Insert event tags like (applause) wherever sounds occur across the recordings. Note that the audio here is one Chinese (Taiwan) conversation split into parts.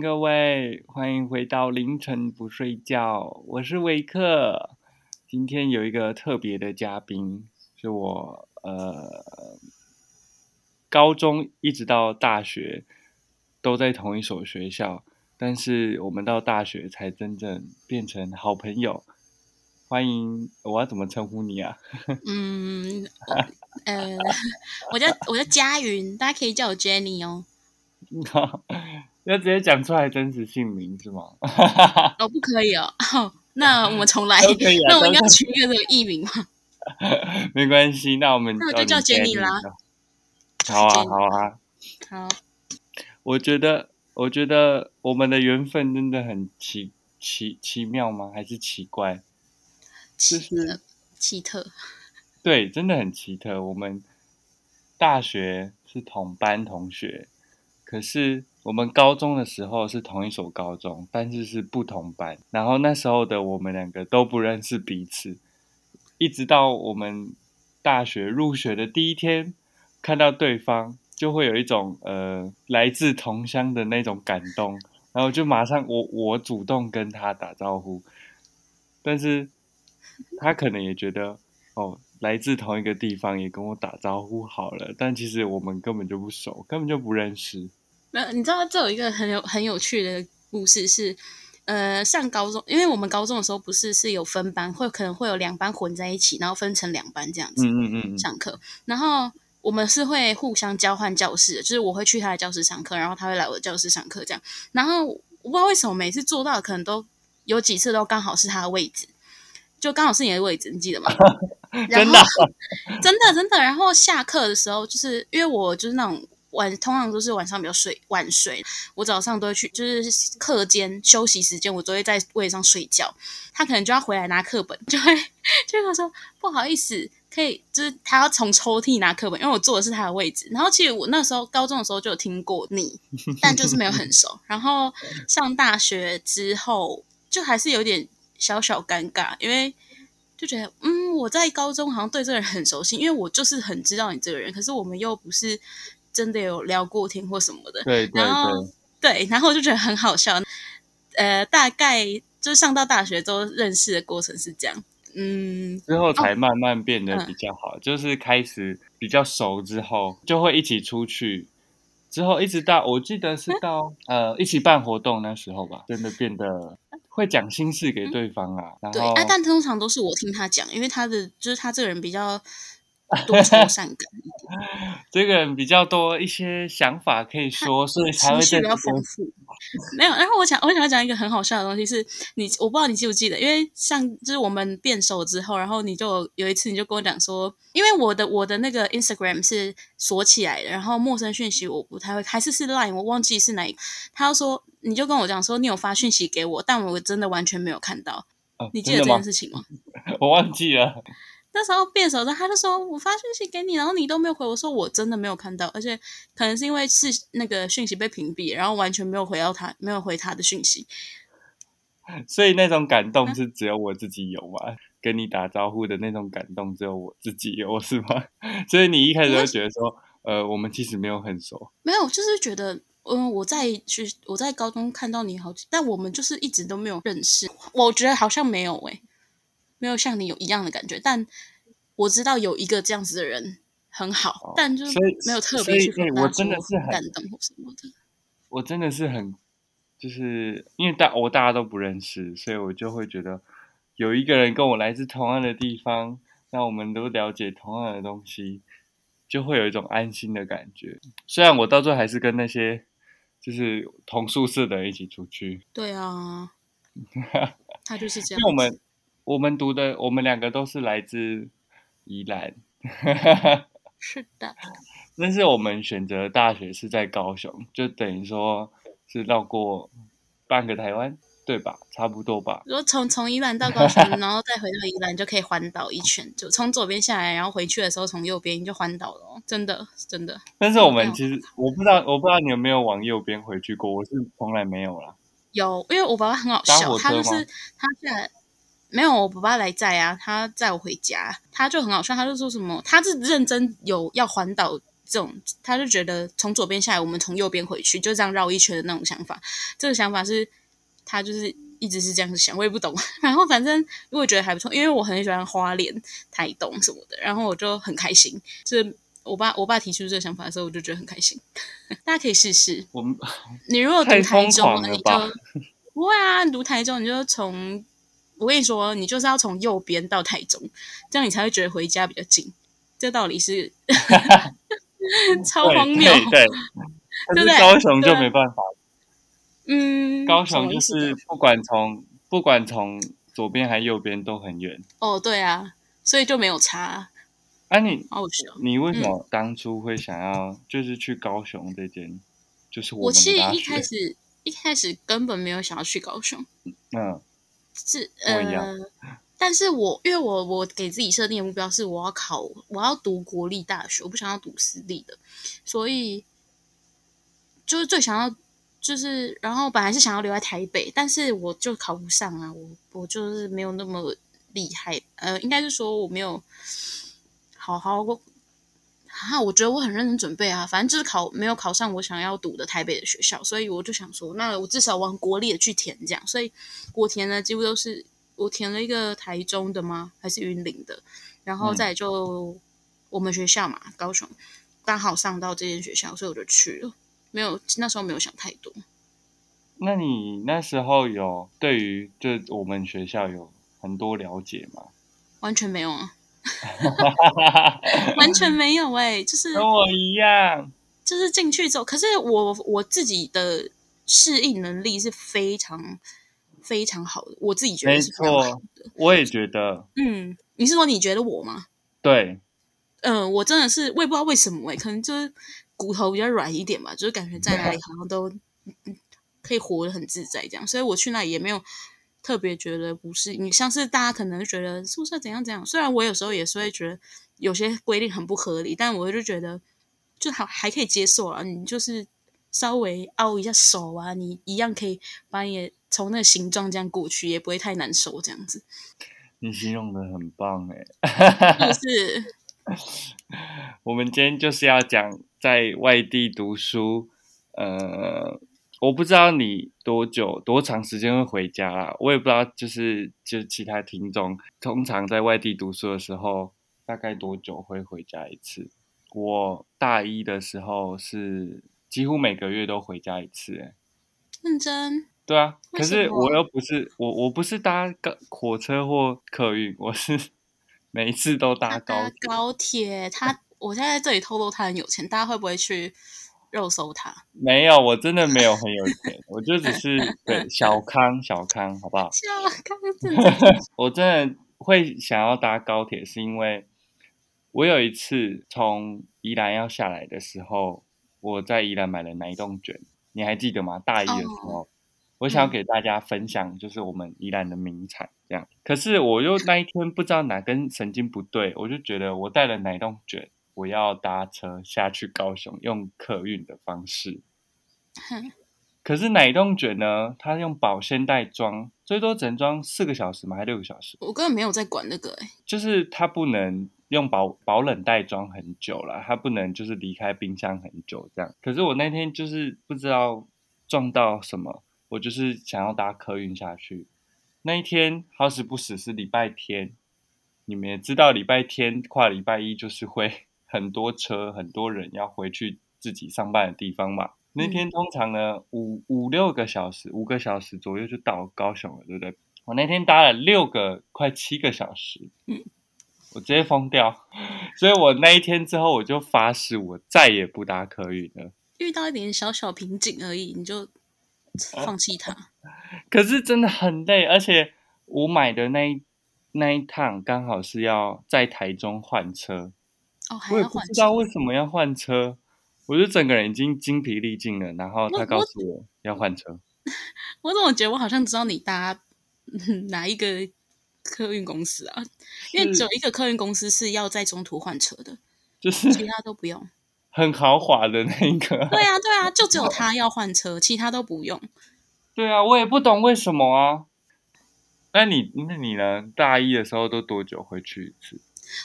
各位，歡迎回到凌晨不睡覺。我是維克，今天有一個特別的嘉賓，是我呃，高中一直到大學都在同一所學校，但是我們到大學才真正變成好朋友。歡迎，我要怎麼稱呼你啊？ (laughs) 嗯，呃，我叫我叫佳雲，大家可以叫我 Jenny 哦。 (laughs) 要直接講出來真實姓名是嗎？ (laughs) 哦，不可以哦。哦，那我們重來一遍。 (laughs) 可以啊、那我應該取一個這個藝名嗎？ (laughs) 沒關係，那我們那我就叫 Jenny 啦。哦、好啊，好啊。好。我覺得，我覺得我們的緣分真的很奇奇奇妙嗎？還是奇怪？其實奇特。奇特對，真的很奇特。我們大學是同班同學，可是，我們高中的時候是同一所高中，但是是不同班。然後那時候的我們兩個都不認識彼此，一直到我們大學入學的第一天，看到對方，就會有一種呃來自同鄉的那種感動。然後就馬上我我主動跟他打招呼，但是，他可能也覺得哦來自同一個地方也跟我打招呼好了，但其實我們根本就不熟，根本就不認識。呃，你知道這有一個很有很有趣的故事是，呃，上高中，因為我們高中的時候不是是有分班，會可能會有兩班混在一起，然後分成兩班這樣子，嗯嗯、嗯上課，然後我們是會互相交換教室，就是我會去他的教室上課，然後他會來我的教室上課這樣，然後我不知道為什麼每次坐到的可能都有幾次都剛好是他的位置，就剛好是你的位置，你記得嗎？真的真的真的，然後下課的時候，就是因為我就是那種。晚通常都是晚上比較睡晚睡，我早上都會去，就是課間休息時間，我都會在位置上睡覺。他可能就要回來拿課本，就會就會說不好意思，可以就是他要從抽屜拿課本，因為我坐的是他的位置。然後其實我那時候高中的時候就有聽過你，但就是沒有很熟。 (laughs) 然後上大學之後，就還是有點小小尷尬，因為就覺得嗯，我在高中好像對這個人很熟悉，因為我就是很知道你這個人，可是我們又不是。真的有聊過天或什麼的，對對對，對，然後我就覺得很好笑，呃，大概就是上到大學都認識的過程是這樣，嗯，之後才慢慢變得比較好，哦嗯、就是開始比較熟之後，就會一起出去，之後一直到我記得是到、嗯、呃一起辦活動那時候吧，真的變得會講心事給對方啊，嗯、然後、對啊，但通常都是我聽他講，因為他的就是他這個人比較。多愁善感， (laughs) 這個人比較多一些想法可以說，是他以才會比較豐富。沒有，然後我想，我想要講一個很好笑的東西是，是你，我不知道你記不記得，因為像就是我們變熟之後，然後你就有一次你就跟我講說，因為我的我的那個 Instagram 是鎖起來的，然後陌生訊息我不太會，還是是 Line，我忘記是哪一個，他就說你就跟我講說你有發訊息給我，但我真的完全沒有看到，嗯、你記得這件事情嗎？嗎我忘記了。那時候變手，他他就說：“我發信息給你，然後你都沒有回我。”說我真的沒有看到，而且可能是因為是那個訊息被屏蔽，然後完全沒有回到他，沒有回他的訊息。所以那種感動是只有我自己有嘛、啊？嗯、跟你打招呼的那種感動只有我自己有是嗎？所以你一開始就覺得說，嗯、呃，我們其實沒有很熟，沒有，就是覺得，嗯，我在學，我在高中看到你好久，但我們就是一直都沒有認識。我覺得好像沒有誒、欸。沒有像你有一樣的感覺，但我知道有一個這樣子的人很好，哦、但就是以沒有特別去跟他做。我真的是很感動，我真的是很，就是因為大我大家都不認識，所以我就會覺得有一個人跟我來自同樣的地方，那我們都了解同樣的東西，就會有一種安心的感覺。雖然我到最後還是跟那些就是同宿舍的人一起出去。對啊，他就是這樣。 (laughs) 因為我們。我們讀的，我們兩個都是來自宜蘭， (laughs) 是的。但是我們選擇大學是在高雄，就等於說是繞過半個台灣，對吧？差不多吧。如果從從宜蘭到高雄，然後再回到宜蘭，就可以環島一圈。 (laughs) 就從左邊下來，然後回去的時候從右邊就環島了，真的真的。但是我們其實、嗯、我不知道，我不知道你有沒有往右邊回去過，我是從來沒有啦。有，因為我爸爸很好笑，他就是他現在。沒有，我爸爸來載啊，他載我回家，他就很好笑，他就說什麼，他是認真有要環島這種，他就覺得從左邊下來，我們從右邊回去，就這樣繞一圈的那種想法。這個想法是，他就是一直是這樣子想，我也不懂。 (laughs) 然後反正因為我覺得還不錯，因為我很喜歡花蓮、台東什麼的，然後我就很開心。所以我爸我爸提出這個想法的時候，我就覺得很開心。 (laughs) 大家可以試試，我你如果讀台中，你就不會啊，你讀台中你就從。我跟你說，你就是要從右邊到台中，這樣你才會覺得回家比較近。這道理是 (laughs) 超荒謬，對，對對對，可是高雄就沒辦法、啊。嗯，高雄就是不管從不管從左邊還是右邊都很遠。哦，對啊，所以就沒有差。哎，啊、你，雄你為什麼當初會想要就是去高雄這邊？嗯、就是我，我其實一開始一開始根本沒有想要去高雄。嗯。是，呃，同樣。但是我因為我我給自己設定的目標是我要考，我要讀國立大學，我不想要讀私立的，所以就是最想要就是，然後本來是想要留在台北，但是我就考不上啊，我我就是沒有那麼厲害，呃，應該是說我沒有好好過。啊，我覺得我很認真準備啊，反正就是考沒有考上我想要讀的台北的學校，所以我就想說，那我至少往國立的去填這樣，所以我填的幾乎都是，我填了一個台中的嗎？還是雲林的？然後再就我們學校嘛，嗯、高雄，剛好上到這間學校，所以我就去了。沒有，那時候沒有想太多。那你那時候有對於就我們學校有很多了解嗎？完全沒有啊。 (laughs) 完全沒有哎、欸，就是跟我一樣，就是進去之後，可是我我自己的適應能力是非常非常好的，我自己覺得是不錯的。我也覺得，嗯，你是說你覺得我嗎？對，嗯，我真的是，我也不知道為什麼哎、欸，可能就是骨頭比較軟一點吧，就是感覺在那裡好像都可以活得很自在這樣，所以我去那裡也沒有。特別覺得不是你，像是大家可能覺得宿舍怎樣怎樣，雖然我有時候也是會覺得有些規定很不合理，但我就覺得就好還可以接受啊。你就是稍微凹一下手啊，你一樣可以把你從那個形狀這樣過去，也不會太難受這樣子。你形容的很棒耶 (laughs) 就是。 (laughs) 我們今天就是要講在外地讀書，呃。我不知道你多久多長時間會回家、啊、我也不知道，就是就其他聽眾通常在外地讀書的時候，大概多久會回家一次？我大一的時候是幾乎每個月都回家一次、欸，哎，認真？對啊，可是我又不是我，我不是搭個火車或客運，我是每一次都搭高鐵搭高鐵。他，我現在在這裡透露他很有錢， (laughs) 大家會不會去？肉搜他，沒有，我真的沒有很有錢， (laughs) 我就只是對小康、小康，好不好？小康真的 (laughs) 我真的會想要搭高鐵，是因為我有一次從宜蘭要下來的時候，我在宜蘭買了奶凍捲，你還記得嗎？大一的時候，oh, 我想要給大家分享就是我們宜蘭的名產這樣，嗯、可是我又那一天不知道哪根神經不對，我就覺得我帶了奶凍捲。我要搭車下去高雄，用客運的方式。嗯、可是奶凍捲呢？它用保鮮袋裝，最多只能裝四個小時嘛，還六個小時？我根本沒有在管那個誒、欸、就是它不能用保保冷袋裝很久啦，它不能就是離開冰箱很久這樣。可是我那天就是不知道撞到什麼，我就是想要搭客運下去。那一天好死不死是禮拜天，你們也知道，禮拜天跨禮拜一就是會。 (laughs) 很多車，很多人要回去自己上班的地方嘛。嗯、那天通常呢，五五六個小時，五個小時左右就到高雄了，對不對？我那天搭了六個，快七個小時，嗯，我直接瘋掉。所以我那一天之後，我就發誓，我再也不搭客運了。遇到一點小小瓶頸而已，你就放棄它，啊。可是真的很累，而且我買的那一那一趟剛好是要在台中換車。Oh, 我也不知道為什麼要換車。還要換車，我就整個人已經精疲力盡了。然後他告訴我，我，我要換車。我怎麼覺得我好像知道你搭哪一個客運公司啊？是因為只有一個客運公司是要在中途換車的，就是 其他都不用。很豪華的那一個、啊。對啊，對啊，就只有他要換車，其他都不用。 (laughs) 對啊，我也不懂為什麼啊。那你那你呢？大一的時候都多久回去一次？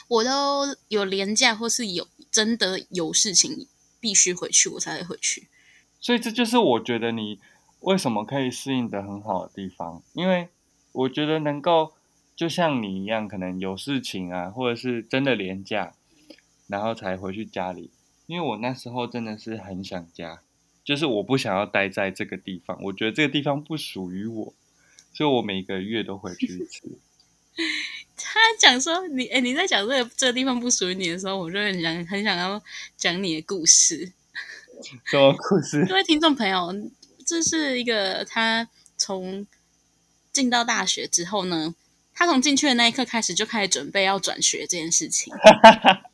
我都有連假，或是有真的有事情必須回去，我才會回去。所以這就是我覺得你為什麼可以適應得很好的地方，因為我覺得能夠就像你一樣，可能有事情啊，或者是真的連假，然後才回去家裡。因為我那時候真的是很想家，就是我不想要待在這個地方，我覺得這個地方不屬於我，所以我每個月都回去一次。 (laughs) 他講說你“你，誒，你在講這個這個地方不屬於你的時候，我就很想很想要講你的故事。什麼故事？各位聽眾朋友，這是一個他從進到大學之後呢，他從進去的那一刻開始就開始準備要轉學這件事情。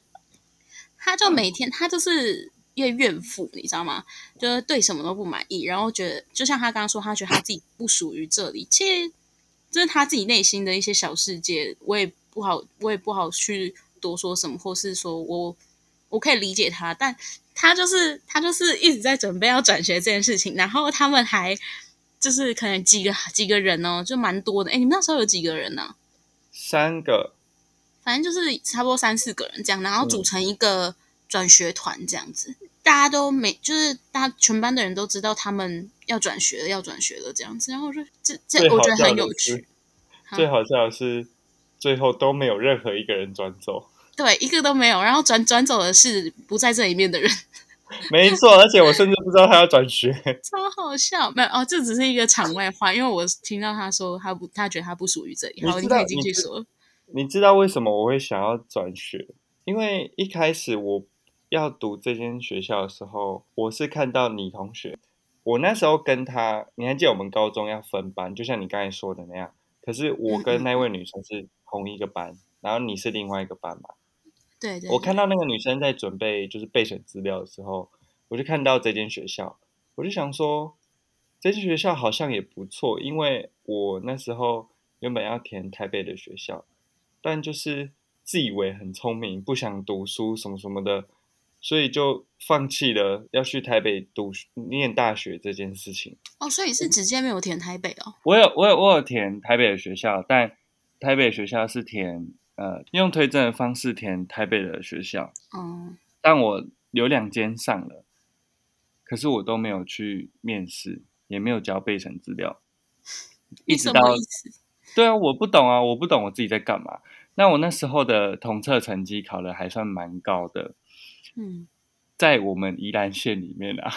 (laughs) 他就每天他就是一個怨婦，你知道嗎？就是對什麼都不滿意，然後覺得就像他剛剛說，他覺得他自己不屬於這裡。其實……就是他自己內心的一些小世界，我也不好，我也不好去多說什麼，或是說我我可以理解他，但他就是他就是一直在準備要轉學這件事情，然後他們還就是可能幾個幾個人哦，就蠻多的。哎，你們那時候有幾個人呢、啊？三個，反正就是差不多三四個人這樣，然後組成一個轉學團這樣子，嗯、大家都沒，就是大家全班的人都知道他們。要轉學的，要轉學的這樣子，然後我說這這我覺得很有趣。最好笑的是，哈最後都沒有任何一個人轉走，對，一個都沒有。然後轉轉走的是不在這裡面的人。沒錯錯， (laughs) 而且我甚至不知道他要轉學， (laughs) 超好笑。沒有哦，這只是一個場外話，因為我聽到他說他不，他覺得他不屬於這裡，然後你可以進去說你你。你知道為什麼我會想要轉學？因為一開始我要讀這間學校的時候，我是看到你同學。我那時候跟他，你還記得我們高中要分班，就像你剛才說的那樣。可是我跟那位女生是同一個班，嗯嗯嗯，然後你是另外一個班嘛？對，對對。我看到那個女生在準備就是備選資料的時候，我就看到這間學校，我就想說，這間學校好像也不錯，因為我那時候原本要填台北的學校，但就是自以為很聰明，不想讀書什麼什麼的。所以就放棄了要去台北讀念大學這件事情。哦，所以是直接沒有填台北哦？我有我有我有填台北的學校，但台北的學校是填呃用推甄的方式填台北的學校哦。嗯。但我有兩間上了，可是我都沒有去面試，也沒有交備審資料，意思一直到對啊，我不懂啊，我不懂我自己在幹嘛。那我那時候的統測成績考的還算蠻高的。嗯，在我們宜蘭縣裡面啊，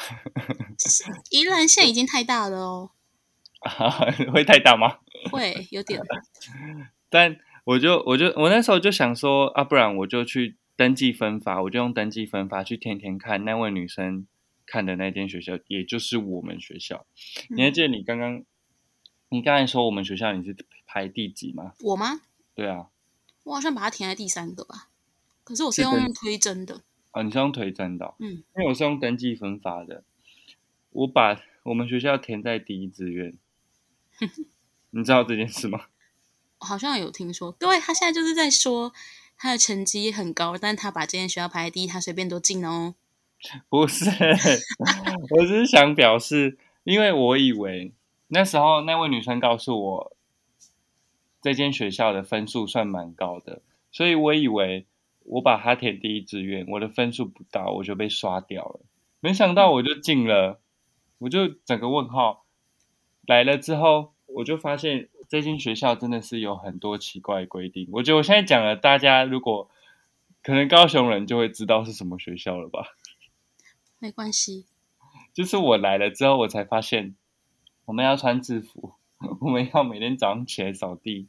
宜蘭縣已經太大了哦， (laughs) 啊、會太大嗎？會有點吧。 (laughs) 但我就我就我那時候就想說啊，不然我就去登記分發，我就用登記分發去天天看那位女生看的那間學校，也就是我們學校。嗯、你還記得你剛剛，你剛才說我們學校你是排第幾嗎？我嗎？對啊，我好像把它填在第三個吧，可是我是用推甄的。啊、哦，你是用推甄的哦？嗯，因為我是用登記分發的。我把我們學校填在第一志願， (laughs) 你知道這件事嗎？好像有聽說，對，他現在就是在說他的成績很高，但他把這間學校排在第一，他隨便都進哦。不是， (laughs) (laughs) 我只是想表示，因為我以為那時候那位女生告訴我，這間學校的分數算蠻高的，所以我以為。我把他填第一志願，我的分數不到，我就被刷掉了。沒想到我就進了，我就整個問號。來了之後，我就發現這間學校真的是有很多奇怪的規定。我覺得我現在講了，大家如果可能，高雄人就會知道是什麼學校了吧？沒關係，就是我來了之後，我才發現我們要穿制服，我們要每天早上起來掃地。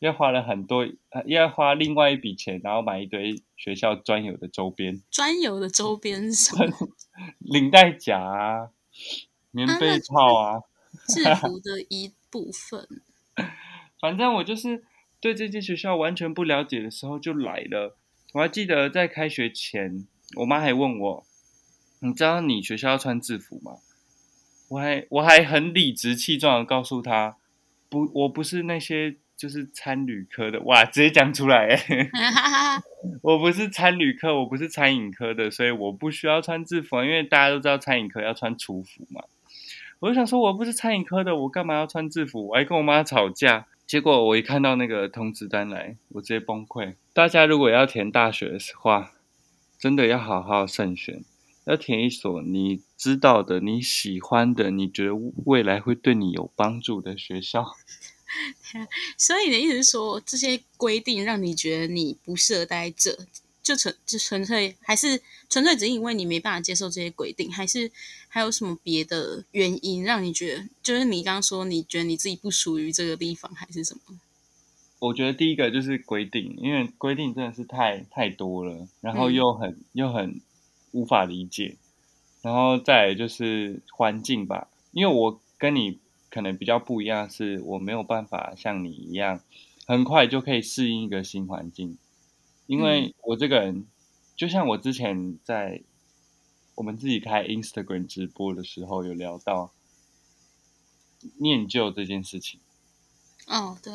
要花了很多，要花另外一筆錢，然後買一堆學校專有的周邊。專有的周邊什麼？ (laughs) 領帶夾啊，棉被套啊，制服的一部分。 (laughs) 反正我就是對這間學校完全不了解的時候就來了。我還記得在開學前，我媽還問我：“你知道你學校要穿制服嗎？”我還我還很理直氣壯的告訴她：“不，我不是那些。”就是餐旅科的哇，直接講出來。誒， (laughs) 我不是餐旅科，我不是餐飲科的，所以我不需要穿制服啊，因為大家都知道餐飲科要穿廚服嘛。我就想說，我不是餐飲科的，我幹嘛要穿制服？我還跟我媽吵架。結果我一看到那個通知單來，我直接崩潰。大家如果要填大學的話，真的要好好慎選，要填一所你知道的、你喜歡的、你覺得未來會對你有幫助的學校。啊、所以你的意思是說，這些規定讓你覺得你不適合待在這，就純就純粹還是純粹只是因為你沒辦法接受這些規定，還是還有什麼別的原因讓你覺得，就是你剛剛說你覺得你自己不屬於這個地方，還是什麼？我覺得第一個就是規定，因為規定真的是太太多了，然後又很、嗯、又很無法理解，然後再就是環境吧，因為我跟你。可能比較不一樣是，我沒有辦法像你一樣，很快就可以適應一個新環境，因為我這個人，嗯、就像我之前在我們自己開 Instagram 直播的時候有聊到，念舊這件事情。哦，對，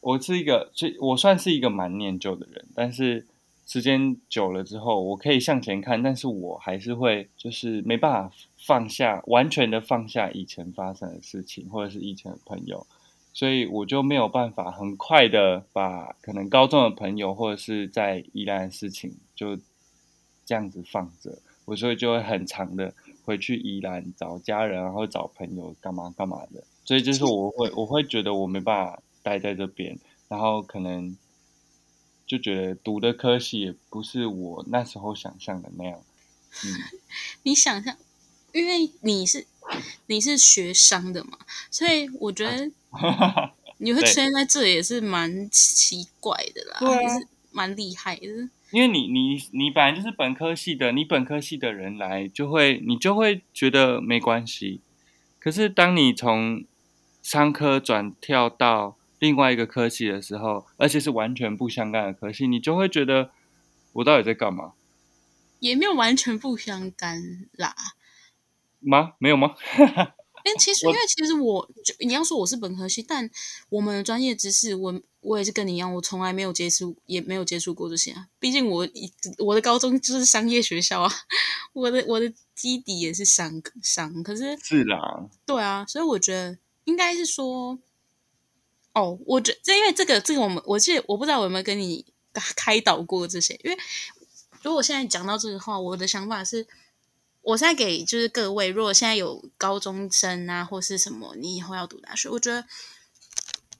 我是一個，所以我算是一個蠻念舊的人，但是。時間久了之後，我可以向前看，但是我還是會就是沒辦法放下，完全的放下以前發生的事情，或者是以前的朋友，所以我就沒有辦法很快的把可能高中的朋友或者是在宜蘭的事情就這樣子放着，我所以就會很常的回去宜蘭找家人，然後找朋友幹嘛幹嘛的，所以就是我會我會覺得我沒辦法待在這邊，然後可能。就覺得讀的科系也不是我那時候想象的那樣。嗯、你想象因為你是你是學商的嘛，所以我覺得你會出現在這也是蠻奇怪的啦，對還是蠻厲害的。因為你你你本來就是本科系的，你本科系的人來就會你就會覺得沒關係。可是當你從商科轉跳到。另外一個科系的時候，而且是完全不相干的科系，你就會覺得我到底在幹嘛？也沒有完全不相干啦，嗎？沒有嗎？哎、 (laughs) 欸，其實，因為其實我，我就你要說我是本科系，但我們的專業知識，我我也是跟你一樣，我從來沒有接觸，也沒有接觸過這些啊。畢竟我我的高中就是商業學校啊，我的我的基底也是商商，可是是啦，對啊，所以我覺得應該是說。哦，我覺得，因為這個這個我們，我們我記得我不知道我有沒有跟你開導過這些。因為如果我現在講到這個話，我的想法是，我現在給就是各位，如果現在有高中生啊或是什麼，你以後要讀大學，我覺得，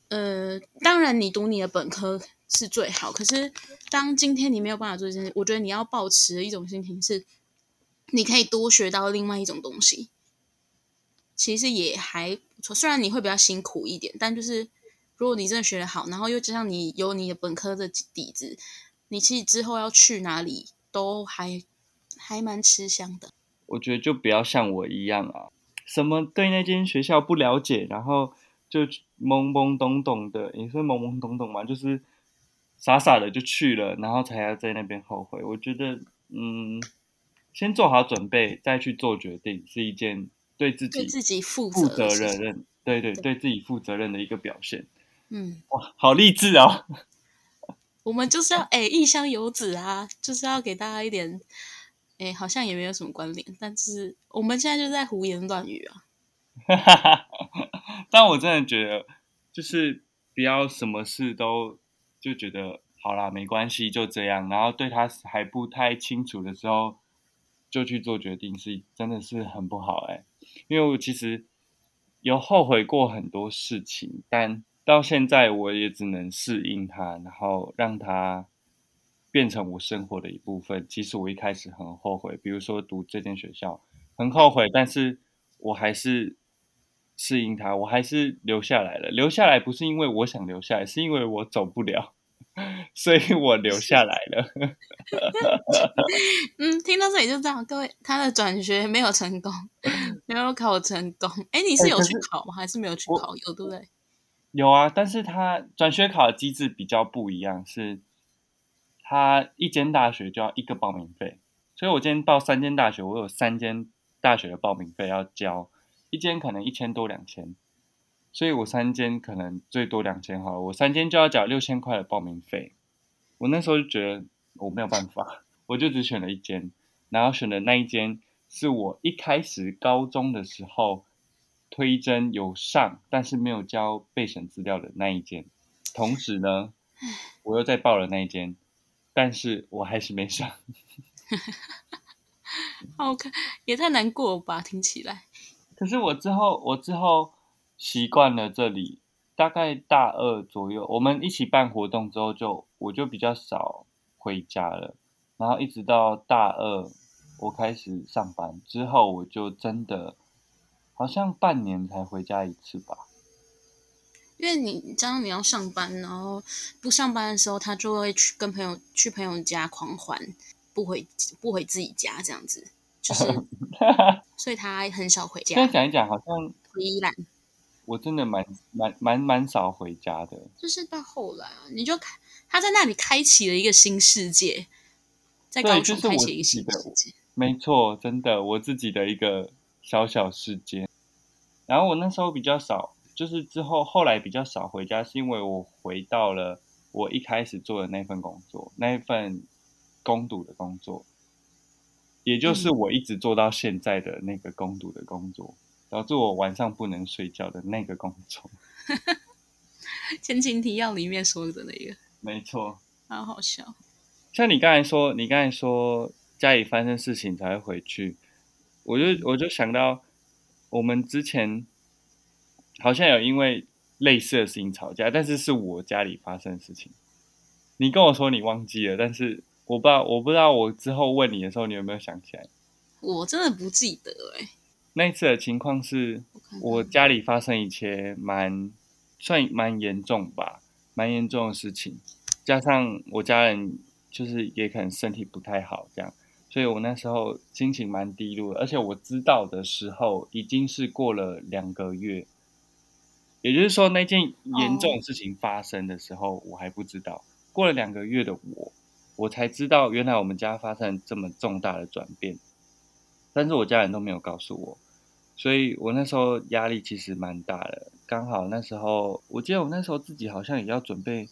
呃，當然你讀你的本科是最好。可是當今天你沒有辦法做這件事，我覺得你要保持一種心情是，你可以多學到另外一種東西，其實也還不錯。雖然你會比較辛苦一點，但就是。如果你真的學得好，然後又就像你有你的本科的底子，你其實之後要去哪裡都還還蠻吃香的。我覺得就不要像我一樣啊，什麼對那間學校不了解，然後就懵懵懂懂的。你、欸、是懵懵懂懂嗎？就是傻傻的就去了，然後才要在那邊後悔。我覺得，嗯，先做好準備再去做決定是一件對自己負、對自己負責任，對對對，對，對自己負責任的一個表現。嗯，哇，好勵志哦！我們就是要誒異鄉遊子啊，就是要給大家一點誒、欸，好像也沒有什麼關聯，但是我們現在就在胡言亂語啊。哈哈哈，但我真的覺得，就是不要什麼事都就覺得好啦，沒關係就這樣。然後對他還不太清楚的時候，就去做決定，是真的是很不好誒、欸。因為我其實有後悔過很多事情，但。到現在我也只能適應他，然後讓他變成我生活的一部分。其實我一開始很後悔，比如說讀這間學校很後悔，但是我還是適應他，我還是留下來了。留下來不是因為我想留下來，是因為我走不了，所以我留下來了。 (laughs) 嗯，聽到這裡就知道，各位他的轉學沒有成功，沒有考成功。哎、欸，你是有去考嗎？欸、可是還是沒有去考？有我，對不對？有啊，但是他轉學考的機制比較不一樣，是他一間大學就要一個報名費，所以我今天報三間大學，我有三間大學的報名費要交，一間可能一千多兩千，所以我三間可能最多兩千好了，我三間就要交六千塊的報名費，我那時候就覺得我沒有辦法，我就只選了一間，然後選的那一間是我一開始高中的時候。推甄有上，但是沒有交備審資料的那一間。同時呢， (laughs) 我又再報了那一間，但是我還是沒上。 (laughs) (laughs) 好可，看也太難過吧，聽起來。可是我之後，我之後習慣了這裡，大概大二左右，我們一起辦活動之後就，就我就比較少回家了。然後一直到大二，我開始上班之後，我就真的。好像半年才回家一次吧，因為你，張，你要上班，然後不上班的時候，他就會去跟朋友，去朋友家狂歡，不回不回自己家這樣子，就是， (laughs) 所以他很少回家。再講一講，好像，我真的蠻蠻蠻蠻少回家的。就是到後來啊，你就開，他在那裡開啟了一個新世界，在高雄開啟一個新世界，就是，沒錯，真的，我自己的一個小小世界。然後我那時候比較少，就是之後後來比較少回家，是因為我回到了我一開始做的那份工作，那份工讀的工作，也就是我一直做到現在的那個工讀的工作，嗯、導致我晚上不能睡覺的那個工作。哈，哈，前情提要裡面說的那個。沒錯。好好笑。像你剛才說，你剛才說家裡發生事情才會回去，我就我就想到。我們之前好像有因為類似的事情吵架，但是是我家裡發生的事情。你跟我說你忘記了，但是我不知道，我不知道我之後問你的時候，你有沒有想起來？我真的不記得欸。那一次的情況是我家裡發生一些蠻算蠻嚴重吧，蠻嚴重的事情，加上我家人就是也可能身體不太好這樣。所以我那時候心情蠻低落，而且我知道的時候已經是過了兩個月，也就是說那件嚴重的事情發生的時候我還不知道，Oh. 過了兩個月的我，我才知道原來我們家發生這麼重大的轉變，但是我家人都沒有告訴我，所以我那時候壓力其實蠻大的。剛好那時候我記得我那時候自己好像也要準備。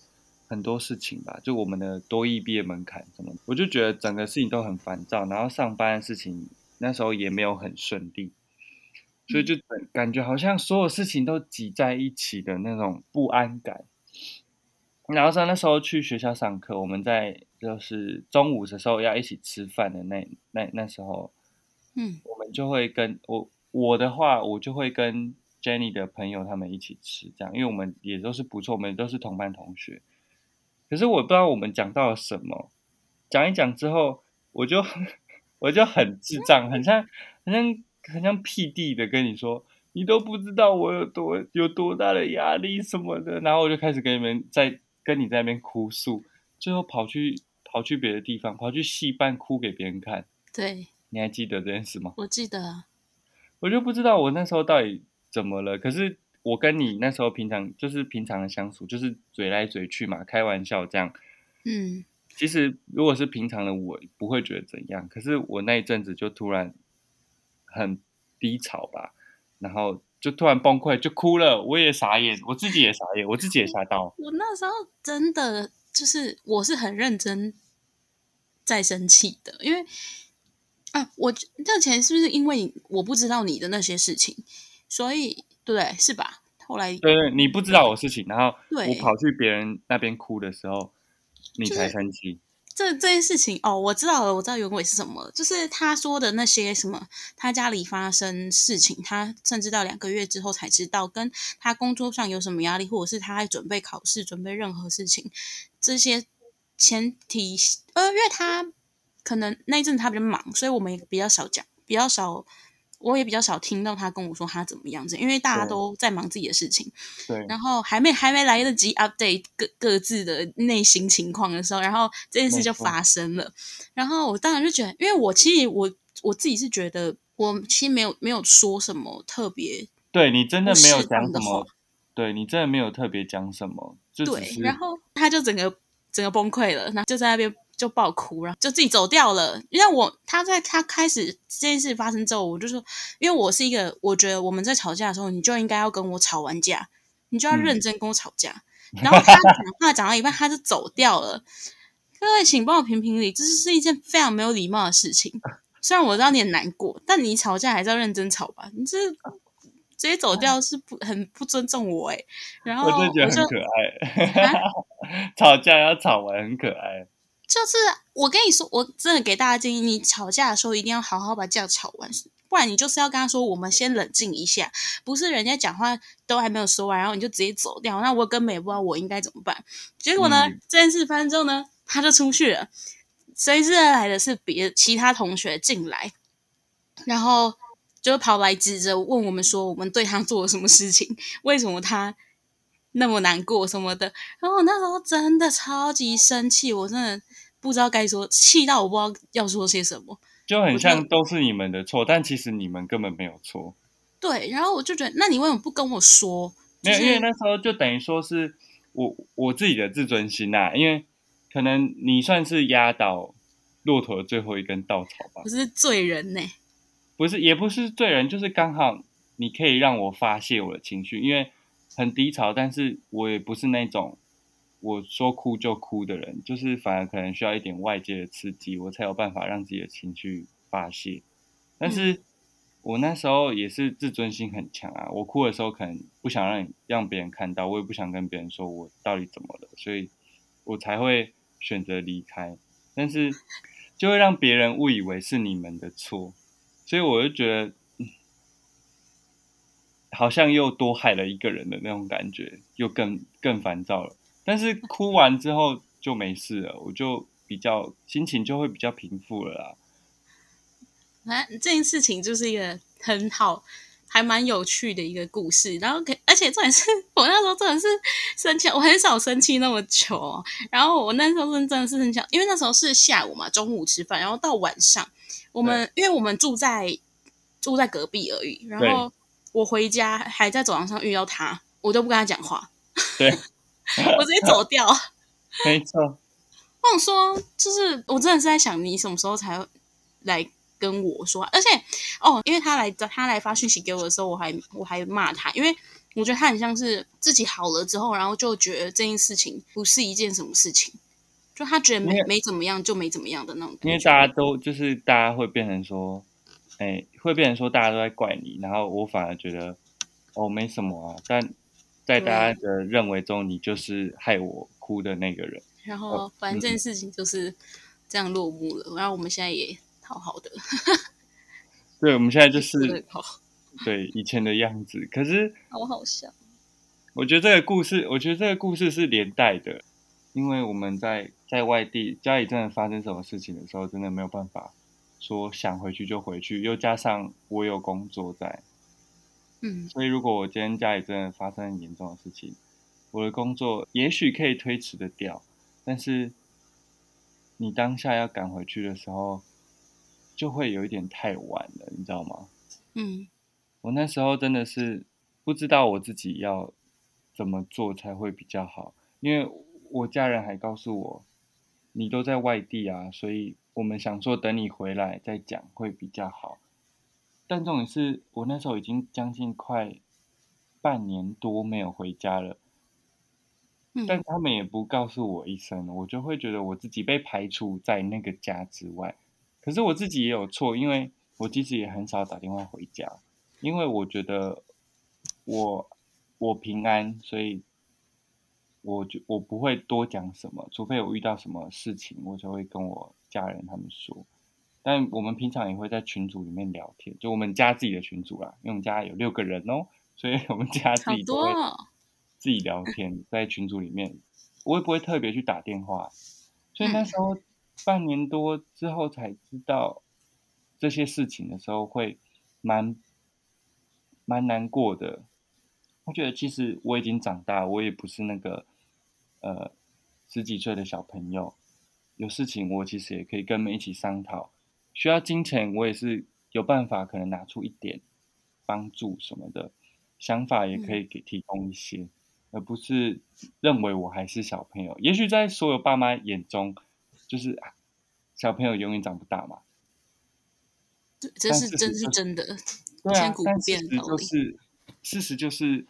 很多事情吧，就我們的多益畢業門檻什麼，我就覺得整個事情都很煩躁。然後上班的事情那時候也沒有很順利，所以就感覺好像所有事情都擠在一起的那種不安感。嗯、然後像那時候去學校上課，我們在就是中午的時候要一起吃飯的那那那時候，嗯，我們就會跟我我的話，我就會跟 Jenny 的朋友他們一起吃，這樣，因為我們也都是不錯，我們都是同班同學。可是我不知道我們講到了什麼，講一講之後，我就我就很智障，很像很像很像屁地的跟你說，你都不知道我有多有多大的壓力什麼的，然後我就開始跟你們在跟你在那邊哭訴，最後跑去跑去別的地方，跑去戲班哭給別人看。對。你還記得這件事嗎？我記得啊，我就不知道我那時候到底怎麼了，可是。我跟你那時候平常就是平常的相處，就是嘴來嘴去嘛，開玩笑這樣。嗯，其實如果是平常的，我不會覺得怎樣。可是我那一陣子就突然很低潮吧，然後就突然崩潰，就哭了。我也傻眼，我自己也傻眼，我自己也傻到。我，我那時候真的就是我是很認真在生氣的，因為啊，我之前是不是因為我不知道你的那些事情，所以。對，是吧？後來，對，對，你不知道我事情，對然後我跑去別人那邊哭的時候，對你才生氣。這這件事情哦，我知道了，我知道原委是什麼。就是他說的那些什麼，他家裡發生事情，他甚至到兩個月之後才知道，跟他工作上有什麼壓力，或者是他在準備考試、準備任何事情，這些前提，呃，因為他可能那一陣他比較忙，所以我們也比較少講，比較少。我也比較少聽到他跟我說他怎麼樣子，因為大家都在忙自己的事情，對，對，然後還沒還沒來得及 update 各各自的內心情況的時候，然後這件事就發生了，沒錯，然後我當然就覺得，因為我其實我我自己是覺得我其實沒有沒有說什麼特別，對你真的沒有講什麼，什麼對你真的沒有特別講什麼，對，然後他就整個整個崩潰了，然後就在那邊。就爆哭了，然後就自己走掉了。因為我他在他開始這件事發生之後，我就說，因為我是一個，我覺得我們在吵架的時候，你就應該要跟我吵完架，你就要認真跟我吵架。嗯、然後他講話 (laughs) 講到一半，他就走掉了。各位，請幫我評評理，這是是一件非常沒有禮貌的事情。雖然我知道你很難過，但你吵架還是要認真吵吧。你這直接走掉是不 (laughs) 很不尊重我誒、欸。然後我就，我就覺得很可愛， (laughs) 吵架要吵完很可愛。就是我跟你說，我真的給大家建議，你吵架的時候一定要好好把架吵完，不然你就是要跟他說，我們先冷靜一下，不是人家講話都還沒有說完，然後你就直接走掉，那我根本也不知道我應該怎麼辦。結果呢，嗯、這件事發生之後呢，他就出去了，隨之而來的是別其他同學進來，然後就跑來指責問我們說，我們對他做了什麼事情，為什麼他？那麼難過什麼的，然後我那時候真的超級生氣，我真的不知道該說，氣到我不知道要說些什麼，就很像都是你們的錯，就但其實你們根本沒有錯。對，然後我就覺得，那你為什麼不跟我說？就是、沒有，因為那時候就等於說是我我自己的自尊心吶、啊，因為可能你算是壓倒駱駝的最後一根稻草吧。不是罪人呢、欸？不是，也不是罪人，就是剛好你可以讓我發洩我的情緒，因為。很低潮，但是我也不是那種我說哭就哭的人，就是反而可能需要一點外界的刺激，我才有辦法讓自己的情緒發洩。但是我那時候也是自尊心很強啊，我哭的時候可能不想讓讓別人看到，我也不想跟別人說我到底怎麼了，所以我才會選擇離開，但是就會讓別人誤以為是你們的錯，所以我就覺得。好像又多害了一個人的那種感覺，又更更煩躁了。但是哭完之後就沒事了， (laughs) 我就比較心情就會比較平復了啦。啊，這件事情就是一個很好，還蠻有趣的一個故事。然後可，而且這也是我那時候真的是生氣，我很少生氣那麼久哦。然後我那時候真的是生氣，因為那時候是下午嘛，中午吃飯，然後到晚上，我們對因為我們住在住在隔壁而已，然後。我回家還在走廊上遇到他，我都不跟他講話，對， (laughs) 我直接走掉。沒錯。我想說，就是我真的是在想，你什麼時候才來跟我說？而且，哦，因為他來找，他來發訊息給我的時候，我還我還罵他，因為我覺得他很像是自己好了之後，然後就覺得這件事情不是一件什麼事情，就他覺得沒因為沒怎麼樣，就沒怎麼樣的那種感覺。因為大家都就是大家會變成說，哎、欸。會變成說大家都在怪你，然後我反而覺得哦沒什麼啊，但在大家的認為中，對你就是害我哭的那個人。然後、哦、反正事情就是這樣落幕了，嗯、然後我們現在也好好的。 (laughs) 對，我們現在就是在討對以前的樣子。可是我好想，我覺得這個故事，我覺得這個故事是連帶的，因為我們在在外地家裡真的發生什麼事情的時候，真的沒有辦法。說想回去就回去，又加上我有工作在，嗯，所以如果我今天家裡真的發生很嚴重的事情，我的工作也許可以推遲的掉，但是你當下要趕回去的時候，就會有一點太晚了，你知道嗎？嗯，我那時候真的是不知道我自己要怎麼做才會比較好，因為我家人還告訴我，你都在外地啊，所以。我們想說，等你回來再講會比較好。但重點是我那時候已經將近快半年多沒有回家了，嗯、但他們也不告訴我一聲，我就會覺得我自己被排除在那個家之外。可是我自己也有錯，因為我其實也很少打電話回家，因為我覺得我我平安，所以我就我不會多講什麼，除非我遇到什麼事情，我才會跟我。家人他們說，但我們平常也會在群組裡面聊天，就我們家自己的群組啦。因為我們家有六個人哦，所以我們家自己都會自己聊天，在群組裡面，我也不會特別去打電話。所以那時候半年多之後才知道這些事情的時候，會蠻蠻難過的。我覺得其實我已經長大，我也不是那個呃十幾歲的小朋友。有事情，我其實也可以跟他們一起商討。需要金錢，我也是有辦法，可能拿出一點幫助什麼的。想法也可以給提供一些，嗯、而不是認為我還是小朋友。也許在所有爸媽眼中，就是小朋友永遠長不大嘛。對，這是真是真的千古不變的事實就是，事實就是，了就是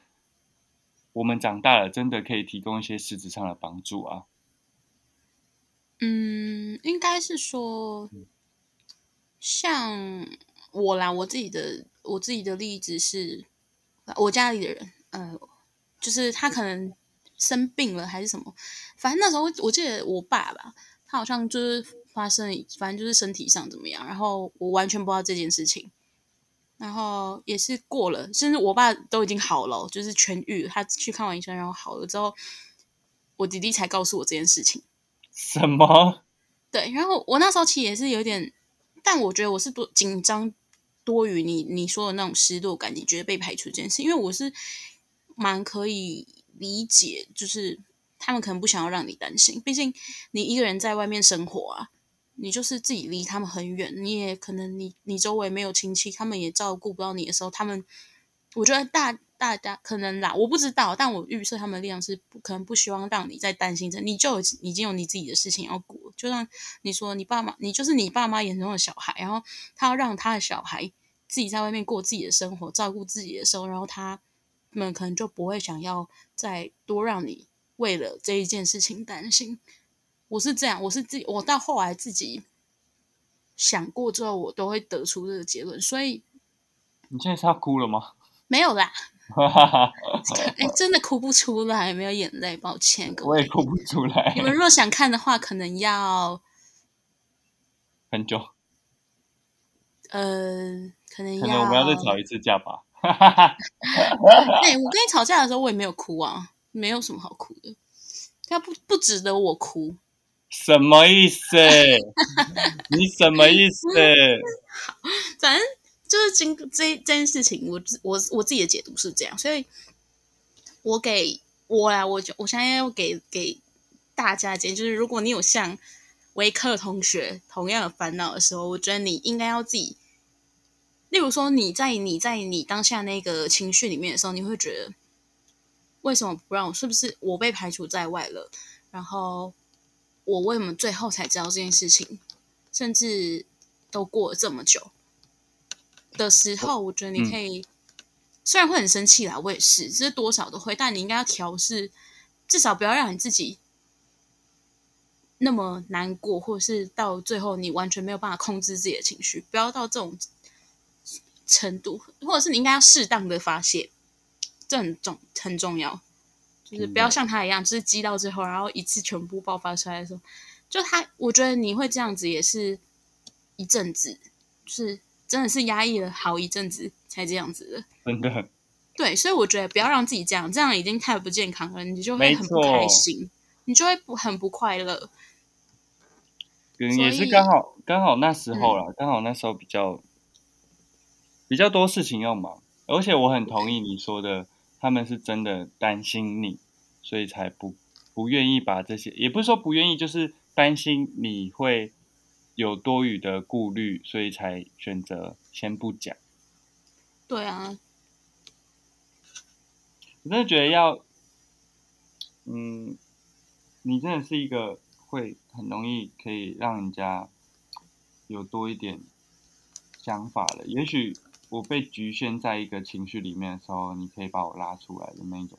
我們長大了，真的可以提供一些實質上的幫助啊。嗯，應該是說，像我啦，我自己的我自己的例子是，我家裡的人，呃，就是他可能生病了還是什麼，反正那時候我，我記得我爸爸，他好像就是發生，反正就是身體上怎麼樣，然後我完全不知道這件事情，然後也是過了，甚至我爸都已經好了，就是痊癒，他去看完醫生，然後好了之後，我弟弟才告訴我這件事情。什麼？對，然後我那時候其實也是有點，但我覺得我是多緊張多於你你說的那種失落感，你覺得被排除這件事，因為我是蠻可以理解，就是他們可能不想要讓你擔心，畢竟你一個人在外面生活啊，你就是自己離他們很遠，你也可能你你周圍沒有親戚，他們也照顧不到你的時候，他們我覺得大。大家可能啦，我不知道，但我預設他們的立場，是不可能不希望讓你再擔心着，你就已經有你自己的事情要過，就像你說你爸媽，你就是你爸媽眼中的小孩，然後他要讓他的小孩自己在外面過自己的生活，照顧自己的時候，然後他們可能就不會想要再多讓你為了這一件事情擔心。我是這樣，我是自己，我到後來自己想過之後，我都會得出這個結論。所以你現在是要哭了嗎？沒有啦。哈哈哈！哎、 (laughs) 欸，真的哭不出來，沒有眼淚，抱歉，各位。我也哭不出來。你們若想看的話，可能要很久。呃，可能要，可能我們要再吵一次架吧。哈哈哈！哎，我跟你吵架的時候，我也沒有哭啊，沒有什麼好哭的，他不不值得我哭。什麼意思？ (laughs) 你什麼意思？反正、欸。嗯嗯就是今這這件事情，我我我自己的解讀是這樣，所以我，我給我來，我我想要給給大家解，就是，如果你有像維克同學同樣的煩惱的時候，我覺得你應該要自己，例如說你在你在你當下那個情緒裡面的時候，你會覺得為什麼不讓我？是不是我被排除在外了？然後我為什麼最後才知道這件事情？甚至都過了這麼久？的時候，我覺得你可以，雖然會很生氣啦，我也是，這是多少都會，但你應該要調適，至少不要讓你自己那麼難過，或者是到最後你完全沒有辦法控制自己的情緒，不要到這種程度，或者是你應該要適當的發洩，這很重很重要，就是不要像他一樣，就是積到最後，然後一次全部爆發出來的時候，就他，我覺得你會這樣子也是一陣子，就是。真的是壓抑了好一陣子才這樣子的，真的。對，所以我覺得不要讓自己這樣，這樣已經太不健康了，你就會很不開心，沒錯。你就會不很不快樂。也是剛好剛所以，好那時候了，剛、嗯、好那時候比較比較多事情要忙，而且我很同意你說的，Okay. 他們是真的擔心你，所以才不不願意把這些，也不是說不願意，就是擔心你會。有多餘的顧慮，所以才選擇先不講。對啊，我真的覺得要，嗯，你真的是一個會很容易可以讓人家有多一點想法的。也許我被局限在一個情緒裡面的時候，你可以把我拉出來的那一種。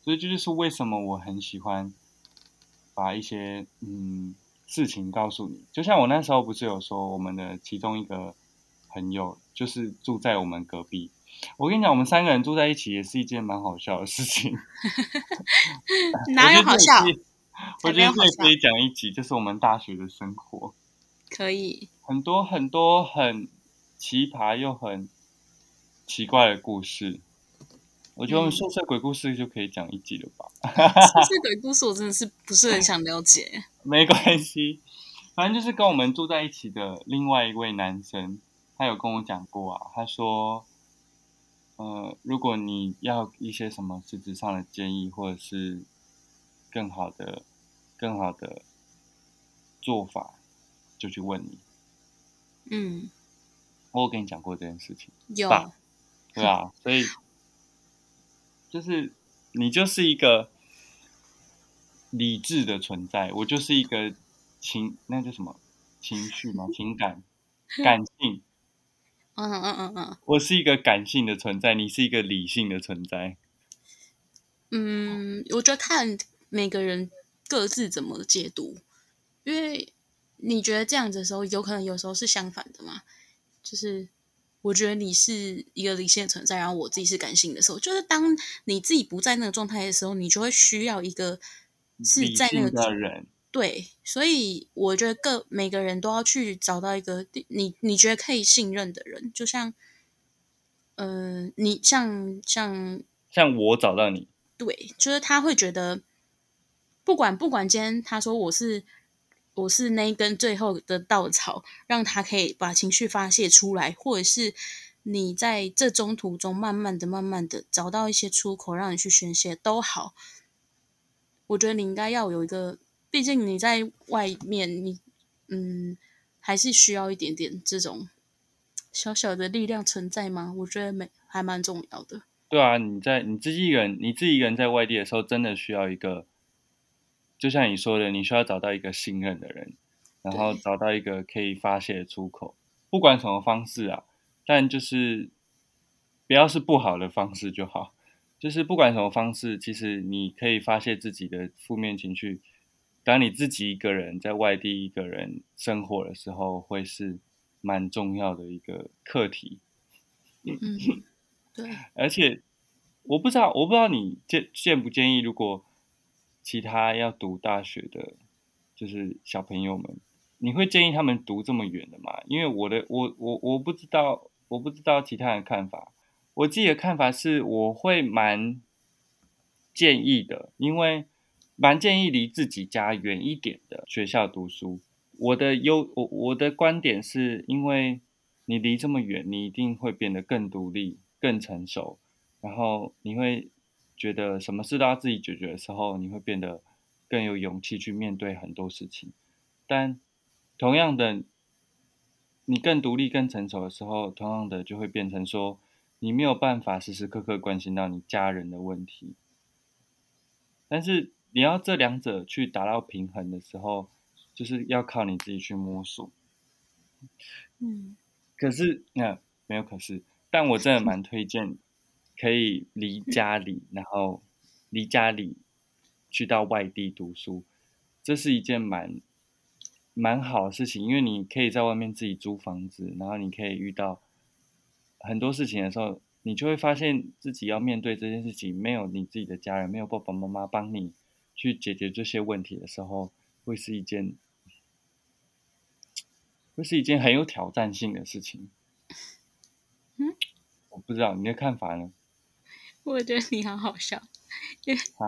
所以這就是為什麼我很喜歡把一些嗯。事情告訴你，就像我那時候不是有說，我們的其中一個朋友，就是住在我們隔壁。我跟你講，我們三個人住在一起也是一件蠻好笑的事情。 (laughs) 哪有好笑？ (laughs) 我覺得，還我覺得可以講一集，就是我們大學的生活。可以。很多很多很奇葩又很奇怪的故事。我覺得我們宿舍鬼故事就可以講一集了吧？宿舍、嗯、鬼故事我真的是不是很想了解。 (laughs) 沒關係，反正就是跟我們住在一起的另外一位男生，他有跟我講過啊。他說：“呃，如果你要一些什麼實質上的建議，或者是更好的、更好的做法，就去問你。”嗯，我有跟你講過這件事情。有，對啊，所以。就是你就是一個理智的存在，我就是一個情，那叫什麼？情緒嘛，情感？ (laughs) 感性？嗯嗯嗯嗯。我是一個感性的存在，你是一個理性的存在。嗯，我覺得看每個人各自怎麼解讀，因為你覺得這樣子的時候，有可能有時候是相反的嘛，就是。我覺得你是一個理性的存在，然後我自己是感性的時候，就是當你自己不在那個狀態的時候，你就會需要一個是在那個的人。對，所以我覺得各每個人都要去找到一個你你覺得可以信任的人，就像，嗯、呃、你像像像我找到你，對，就是他會覺得不管不管今天他說我是。我是那一根最後的稻草，讓他可以把情緒發洩出來，或者是你在這中途中，慢慢的、慢慢的找到一些出口，讓你去宣洩都好。我覺得你應該要有一個，畢竟你在外面你，你嗯還是需要一點點這種小小的力量存在嗎？我覺得沒還蠻重要的。對啊，你在你自己一個人，你自己一個人在外地的時候，真的需要一個。就像你說的，你需要找到一個信任的人，然後找到一個可以發洩的出口，對不管什麼方式啊，但就是不要是不好的方式就好。就是不管什麼方式，其實你可以發洩自己的負面情緒。當你自己一個人在外地一個人生活的時候，會是蠻重要的一個課題。嗯嗯，對。而且我不知道，我不知道你建建不建議如果。其他要讀大學的，就是小朋友們，你會建議他們讀這麼遠的嗎？因為我的，我我我不知道，我不知道其他人的看法。我自己的看法是，我會蠻建議的，因為蠻建議離自己家遠一點的學校讀書。我的優，我我的觀點是因為你離這麼遠，你一定會變得更獨立、更成熟，然後你會。覺得什麼事都要自己解決的時候，你會變得更有勇氣去面對很多事情。但同樣的，你更獨立、更成熟的時候，同樣的就會變成說你沒有辦法時時刻刻關心到你家人的問題。但是你要這兩者去達到平衡的時候，就是要靠你自己去摸索。嗯，可是那，嗯，沒有可是，但我真的蠻推薦。可以離家裡，然後離家裡去到外地讀書，這是一件蠻蠻好的事情，因為你可以在外面自己租房子，然後你可以遇到很多事情的時候，你就會發現自己要面對這件事情，沒有你自己的家人，沒有爸爸媽媽幫你去解決這些問題的時候，會是一件會是一件很有挑戰性的事情。嗯，我不知道你的看法呢？我覺得你很好笑，因為、啊、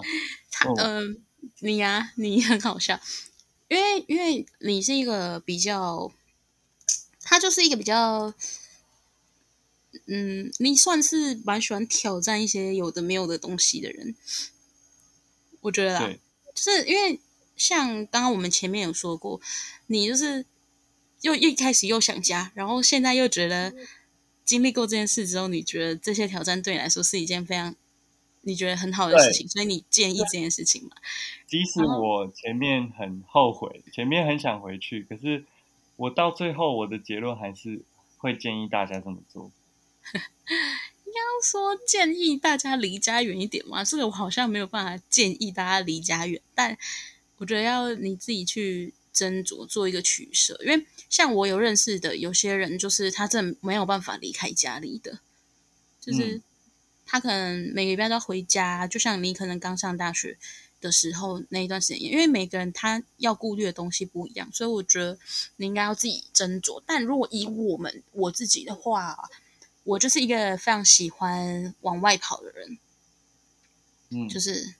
他，嗯、呃，哦、你呀、啊，你很好笑，因為因為你是一個比較，他就是一個比較，嗯，你算是蠻喜歡挑戰一些有的沒有的東西的人，我覺得啦，對就是因為像剛剛我們前面有說過，你就是又一開始又想家，然後現在又覺得。嗯經歷過這件事之後，你覺得這些挑戰對你來說是一件非常你覺得很好的事情，對所以你建議這件事情嗎？即使我前面很後悔，後前面很想回去，可是我到最後我的結論還是會建議大家這麼做。 (laughs) 要說建議大家離家遠一點嗎？這個我好像沒有辦法建議大家離家遠，但我覺得要你自己去。斟酌做一個取舍，因為像我有認識的有些人，就是他這沒有辦法離開家裡的，就是他可能每個禮拜都要回家。嗯、就像你可能剛上大學的時候那一段時間，因為每個人他要顧慮的東西不一樣，所以我覺得你應該要自己斟酌。但如果以我們我自己的話，我就是一個非常喜歡往外跑的人，嗯，就是，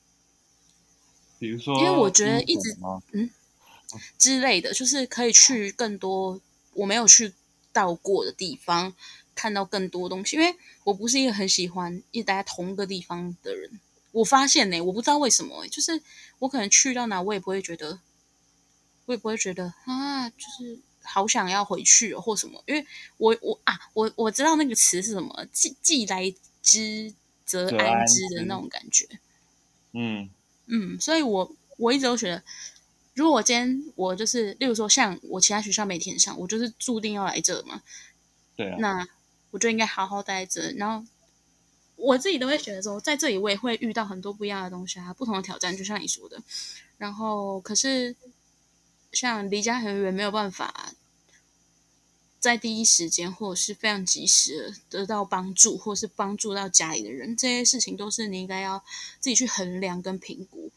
比如說，因為我覺得一直嗯。嗯之類的就是可以去更多我沒有去到過的地方，看到更多東西。因為我不是一個很喜歡一待同一個地方的人。我發現呢、欸，我不知道為什麼、欸，就是我可能去到哪，我也不會覺得，我也不會覺得啊，就是好想要回去或什麼。因為我我啊，我我知道那個詞是什麼，既既來之則安之的那種感覺。嗯嗯，所以我我一直都覺得。如果我今天我就是，例如說像我其他學校沒填上，我就是注定要來這嘛，對啊，那我就應該好好待著。然後我自己都會覺得說，在這裡我也會遇到很多不一樣的東西啊，不同的挑戰。就像你說的，然後可是像離家很遠，沒有辦法在第一時間或者是非常及時的得到幫助，或是幫助到家裡的人，這些事情都是你應該要自己去衡量跟評估。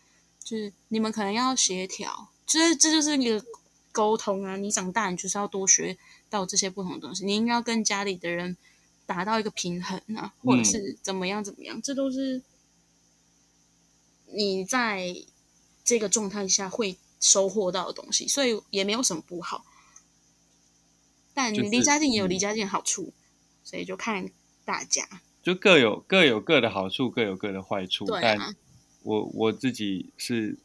就是你們可能要協調。其實這，這就是你的溝通啊！你長大，你就是要多學到這些不同的東西。你應該要跟家裡的人達到一個平衡啊，或者是怎麼樣怎麼樣，嗯、這都是你在這個狀態下會收穫到的東西，所以也沒有什麼不好。但離家近也有離家近的好處，就是嗯、所以就看大家，就各有各有各的好處，各有各的壞處。對、啊，但我我自己是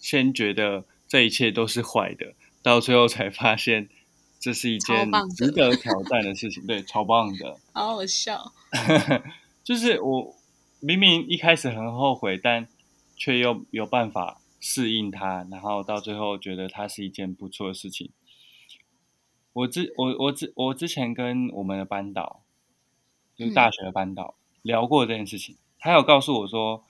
先覺得。這一切都是壞的，到最後才發現，這是一件值得挑戰的事情。對，超棒的，好好笑。 (laughs) 就是我明明一開始很後悔，但卻又有辦法適應它，然後到最後覺得它是一件不錯的事情。我之我我之我之前跟我們的班導，就是大學的班導、嗯、聊過這件事情，他有告訴我說，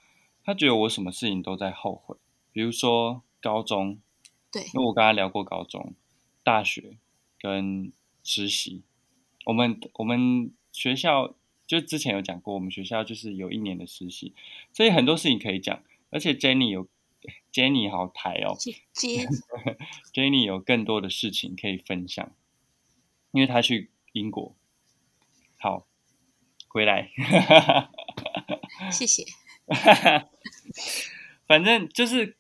他覺得我什麼事情都在後悔，比如說高中。對，那我跟他聊過高中、大學跟實習，我們我們學校就之前有講過，我們學校就是有一年的實習，所以很多事情可以講。而且 Jenny 有 (laughs) ，Jenny 好台哦，Jenny，Jenny (laughs) (laughs) 有更多的事情可以分享，因為他去英國，好，回來， (laughs) (laughs) 謝謝， (laughs) (laughs) 反正就是。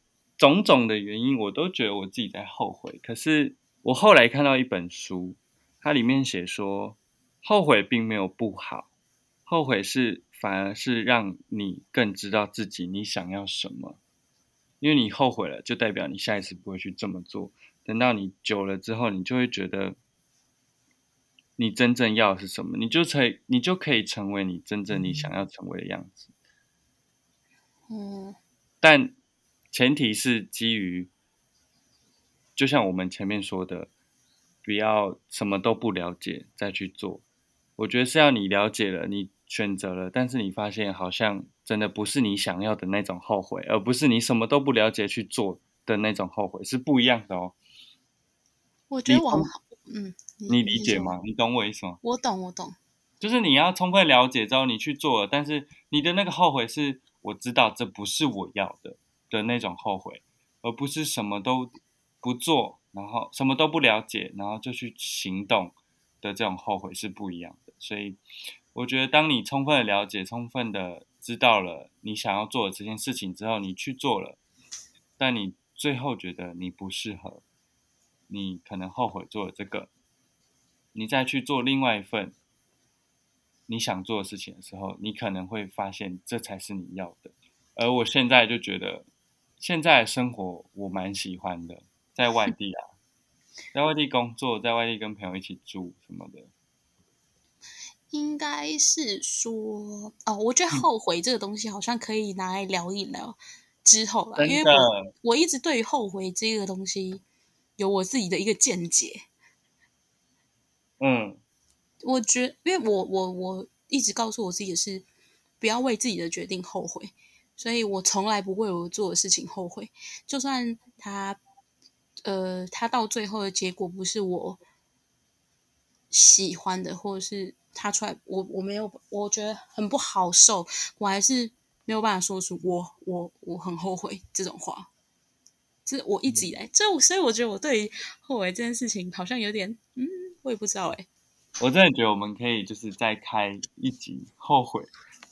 種種的原因，我都覺得我自己在後悔。可是我後來看到一本書，它裡面寫說，後悔並沒有不好，後悔是反而是讓你更知道自己你想要什麼。因為你後悔了，就代表你下一次不會去這麼做。等到你久了之後，你就會覺得，你真正要的是什麼，你就成，你就可以成為你真正你想要成為的樣子。嗯，但。前提是基於，就像我們前面說的，不要什麼都不了解再去做。我覺得是要你了解了，你選擇了，但是你發現好像真的不是你想要的那種後悔，而不是你什麼都不了解去做的那種後悔，是不一樣的哦。我覺得我們嗯，你，你理解嗎？你懂我意思嗎？我懂，我懂，就是你要充分了解之後你去做了，但是你的那個後悔是，我知道這不是我要的。的那種後悔，而不是什麼都不做，然後什麼都不了解，然後就去行動的這種後悔是不一樣的。所以，我覺得當你充分的了解、充分的知道了你想要做的這件事情之後，你去做了，但你最後覺得你不適合，你可能後悔做了這個。你再去做另外一份你想做的事情的時候，你可能會發現這才是你要的。而我現在就覺得。現在的生活我蠻喜歡的，在外地啊， (laughs) 在外地工作，在外地跟朋友一起住什麼的，應該是說，哦，我覺得後悔這個東西好像可以拿來聊一聊之後了，的因為我我一直對於後悔這個東西有我自己的一個見解。嗯，我覺，因為我我我一直告訴我自己是不要為自己的決定後悔。所以我從來不為我做的事情後悔，就算他，呃，他到最後的結果不是我喜歡的，或者是他出來，我我沒有，我覺得很不好受，我還是沒有辦法說出我我我很後悔這種話。這是我一直以來，這、嗯、所以我覺得我對於後悔這件事情好像有點，嗯，我也不知道哎、欸。我真的覺得我們可以就是再開一集後悔。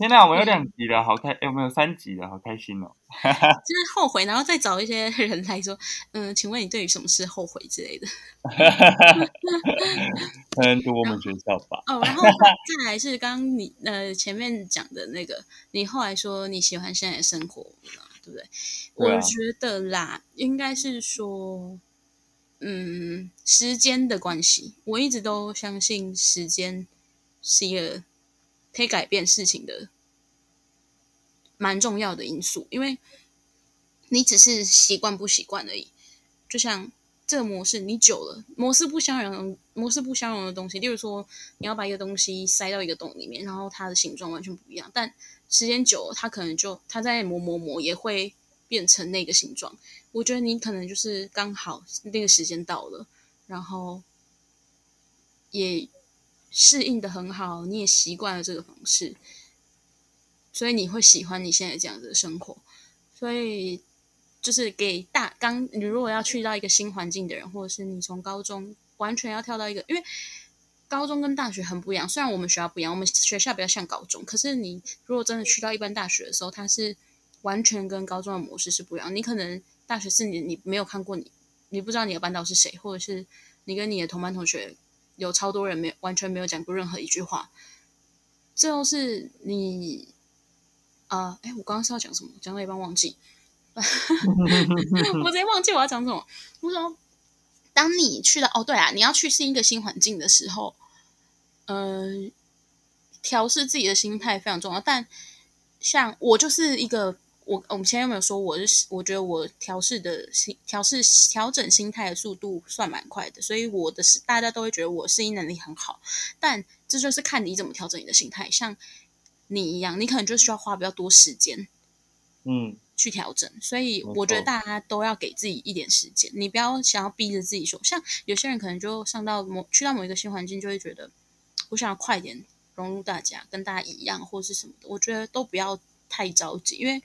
天吶、啊，我有兩集了，好開，有、欸、沒有三集了，好開心哦。 (laughs) 就是後悔，然後再找一些人來說，嗯、呃，請問你對於什麼是後悔之類的？嗯 (laughs) (laughs) 讀我們學校吧。 (laughs) 哦，然後再來是剛剛你呃前面講的那個，你後來說你喜歡現在的生活對不對？對啊、我覺得啦，應該是說，嗯，時間的關係，我一直都相信時間是一個。可以改變事情的蠻重要的因素，因為你只是習慣不習慣而已。就像這個模式，你久了模式不相容，模式不相容的東西，例如說，你要把一個東西塞到一個洞裡面，然後它的形狀完全不一樣，但時間久了，它可能就它在磨磨磨，磨也會變成那個形狀。我覺得你可能就是剛好那個時間到了，然後也。適應的很好，你也習慣了這個方式，所以你會喜歡你現在這樣子的生活。所以，就是給大剛，你如果要去到一個新環境的人，或者是你從高中完全要跳到一個，因為高中跟大學很不一樣。雖然我們學校不一樣，我們學校比較像高中，可是你如果真的去到一般大學的時候，它是完全跟高中的模式是不一樣。你可能大學四年你沒有看過你，你不知道你的班導是誰，或者是你跟你的同班同學。有超多人沒完全沒有講過任何一句話，最後是你啊？哎、呃，我剛剛是要講什麼？講到一半忘記， (laughs) 我直接忘記我要講什麼。我說，當你去了哦，對啊，你要去適應一個新環境的時候，嗯、呃，調適自己的心態非常重要。但像我就是一個。我我們前有沒有說我就是？我覺得我調適的心調適調整心態的速度算蠻快的，所以我的是大家都會覺得我適應能力很好。但這就是看你怎麼調整你的心態，像你一樣，你可能就需要花比較多時間，嗯，去調整。所以我覺得大家都要給自己一點時間，沒錯。你不要想要逼着自己說，像有些人可能就上到某去到某一個新環境，就會覺得我想要快點融入大家，跟大家一樣，或者是什麼的。我覺得都不要太着急，因為。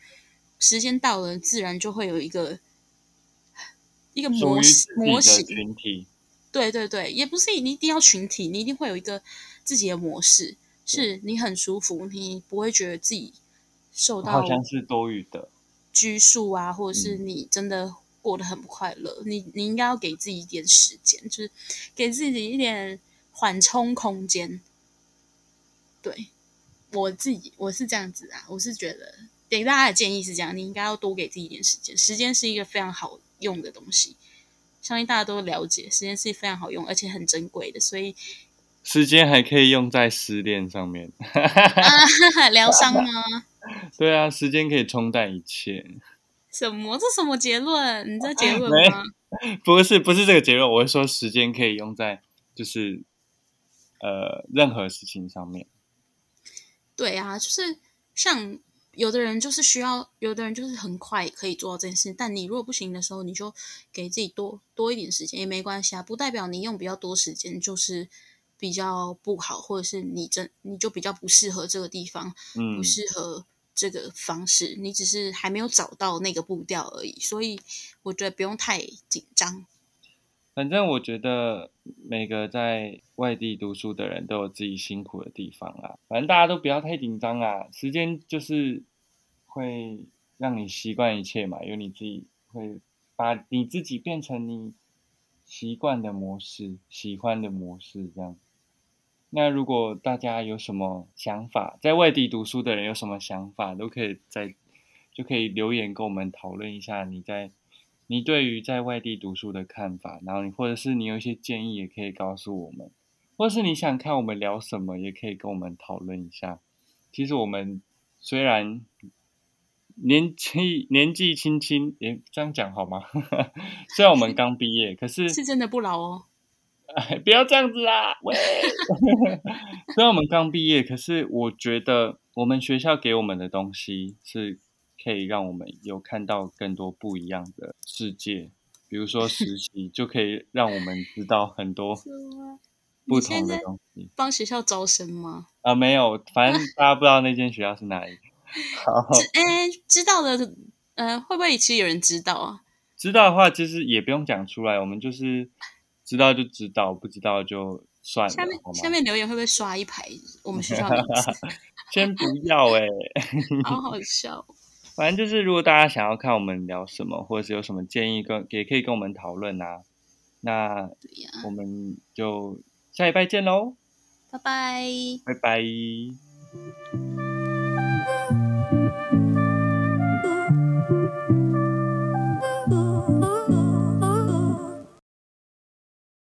時間到了，自然就會有一個一個模式，模型，群體。對對對，也不是你一定要群體，你一定會有一個自己的模式，嗯、是你很舒服，你不會覺得自己受到、啊、好像是多餘的拘束啊，或者是你真的過得很不快樂。嗯、你你應該要給自己一點時間，就是給自己一點緩衝空間。對，我自己，我是這樣子啊，我是覺得。給大家的建議是這樣，你應該要多給自己一點時間。時間是一個非常好用的東西，相信大家都了解，時間是非常好用而且很珍貴的。所以，時間還可以用在失戀上面，療傷、啊、 (laughs) 嗎？對啊，時間可以沖淡一切。什麼？這什麼結論？你知道結論嗎、啊？不是，不是這個結論。我是說，時間可以用在就是呃任何事情上面。對啊，就是像。有的人就是需要，有的人就是很快可以做到這件事。但你如果不行的時候，你就給自己多多一點時間也沒關係啊，不代表你用比較多時間就是比較不好，或者是你真你就比較不適合這個地方，嗯，不適合這個方式，你只是還沒有找到那個步調而已。所以我覺得不用太緊張。反正我覺得每個在外地讀書的人都有自己辛苦的地方啦，啊。反正大家都不要太緊張啊，時間就是會讓你習慣一切嘛，因為你自己會把你自己變成你習慣的模式，喜歡的模式這樣。那如果大家有什麼想法，在外地讀書的人有什麼想法，都可以在就可以留言跟我們討論一下你在。你對於在外地讀書的看法，然後你或者是你有一些建議，也可以告訴我們，或者是你想看我們聊什麼，也可以跟我們討論一下。其實我們雖然年紀年紀輕輕，誒、欸，這樣講好嗎？ (laughs) 雖然我們剛畢業，是可是是真的不老哦。哎、不要這樣子啦！ (laughs) 喂 (laughs) 雖然我們剛畢業，可是我覺得我們學校給我們的東西是。可以讓我們有看到更多不一樣的世界，比如說實習 (laughs) 就可以讓我們知道很多不同的東西。幫學校招生嗎？啊、呃，沒有，反正大家不知道那間學校是哪一個。好，哎、欸，知道的，呃，會不會其實有人知道啊？知道的話，其實也不用講出來，我們就是知道就知道，不知道就算了。下面下面留言會不會刷一排我們學校的？ (laughs) 先不要哎、欸，好好笑。反正就是，如果大家想要看我們聊什麼，或者是有什麼建議跟，跟也可以跟我們討論啊。那我們就下禮拜見嘍，拜拜，拜拜。